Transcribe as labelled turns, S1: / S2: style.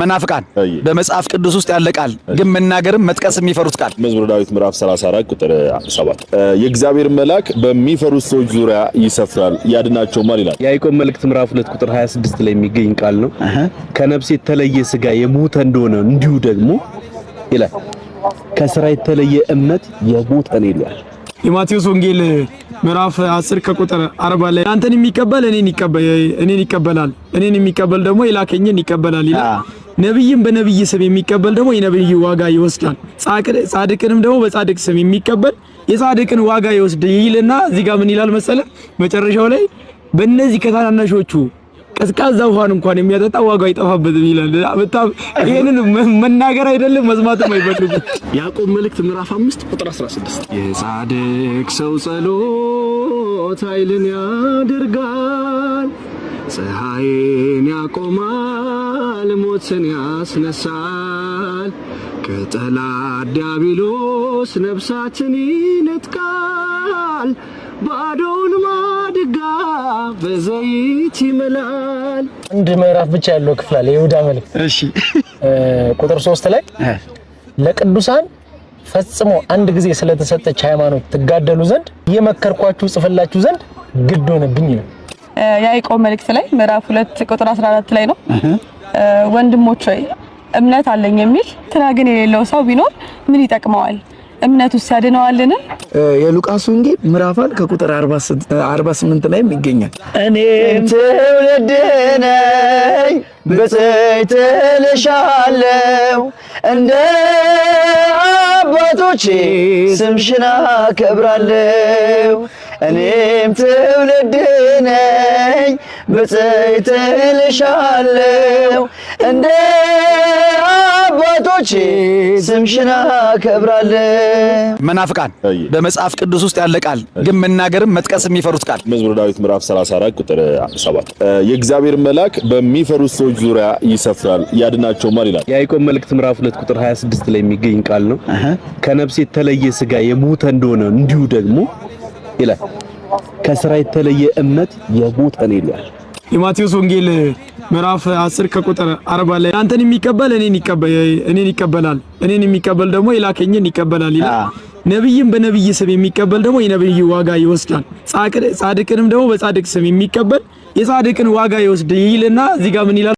S1: መናፍቃን በመጽሐፍ ቅዱስ ውስጥ ያለ ቃል ግን መናገርም መጥቀስ የሚፈሩት ቃል
S2: መዝሙረ ዳዊት ምዕራፍ 34 ቁጥር 7 የእግዚአብሔር መልአክ በሚፈሩት ሰዎች ዙሪያ ይሰፍራል ያድናቸውማል ይላል።
S3: የያዕቆብ መልእክት ምዕራፍ 2 ቁጥር 26 ላይ የሚገኝ ቃል ነው። ከነፍስ የተለየ ስጋ የሞተ እንደሆነ እንዲሁ ደግሞ ይላል ከስራ የተለየ እምነት የሞተ ነው ይላል።
S4: የማቴዎስ ወንጌል ምዕራፍ 10 ከቁጥር 40 ላይ አንተን የሚቀበል እኔን ይቀበላል፣ እኔን የሚቀበል ደግሞ የላከኝን ይቀበላል ይላል። ነብይም በነብይ ስም የሚቀበል ደግሞ የነብይ ዋጋ ይወስዳል። ጻድቅንም ደግሞ በጻድቅ ስም የሚቀበል የጻድቅን ዋጋ ይወስድ ይልና እዚህ ጋር ምን ይላል መሰለ መጨረሻው ላይ በእነዚህ ከታናናሾቹ ቀዝቃዛ ውሃን እንኳን የሚያጠጣ ዋጋ አይጠፋበትም ይላል። በጣም ይሄንን መናገር አይደለም መስማትም አይፈልጉም።
S1: ያዕቆብ መልእክት ምዕራፍ 5 ቁጥር 16 የጻድቅ ሰው ጸሎት ኃይልን ያደርጋል፣ ፀሐይን ያቆማል ልሞትን ሞትን ያስነሳል። ከጠላት ዲያብሎስ ነብሳትን ይነጥቃል። ባዶውን ማድጋ በዘይት ይምላል። አንድ ምዕራፍ ብቻ ያለው ክፍል አለ የይሁዳ መልእክት። እሺ ቁጥር ሶስት ላይ ለቅዱሳን ፈጽሞ አንድ ጊዜ ስለተሰጠች ሃይማኖት ትጋደሉ ዘንድ እየመከርኳችሁ ጽፍላችሁ ዘንድ ግድ ሆነብኝ ነው።
S5: ያዕቆብ መልእክት ላይ ምዕራፍ ሁለት ቁጥር 14 ላይ ነው ወንድሞች ሆይ እምነት አለኝ የሚል እንትና ግን የሌለው ሰው ቢኖር ምን ይጠቅመዋል? እምነት ውስጥ ያድነዋልን?
S1: የሉቃስ ወንጌል ምዕራፍ አንድ ከቁጥር 48 ላይ ይገኛል። እኔም ትውልድ ነኝ ብፅዕት እንደ አባቶቼ ስምሽና አከብራለሁ እኔም ትውልድ ነኝ ብፅዕት እልሻለሁ እንደ አባቶቼ ስምሽን አከብራለሁ። መናፍቃን በመጽሐፍ ቅዱስ ውስጥ ያለ ቃል ግን መናገርም መጥቀስ የሚፈሩት ቃል
S2: መዝሙረ ዳዊት ምዕራፍ 34 ቁጥር 7 የእግዚአብሔር መልአክ በሚፈሩት ሰዎች ዙሪያ ይሰፍራል ያድናቸውማል ይላል።
S3: የያዕቆብ መልእክት ምዕራፍ 2 ቁጥር 26 ላይ የሚገኝ ቃል ነው። ከነፍስ የተለየ ስጋ የሞተ እንደሆነ እንዲሁ ደግሞ ይላል። ከስራ የተለየ እምነት የሞተን ይላል።
S4: የማቴዎስ ወንጌል ምዕራፍ 10 ከቁጥር 40 ላይ አንተን የሚቀበል እኔን ይቀበላል፣ እኔን የሚቀበል ደግሞ የላከኝን ይቀበላል ይላል። ነብይም በነብይ ስም የሚቀበል ደግሞ የነብይ ዋጋ ይወስዳል፣ ጻድቅንም ደግሞ በጻድቅ ስም የሚቀበል የጻድቅን ዋጋ ይወስድ ይልና እዚህ ጋር ምን ይላል?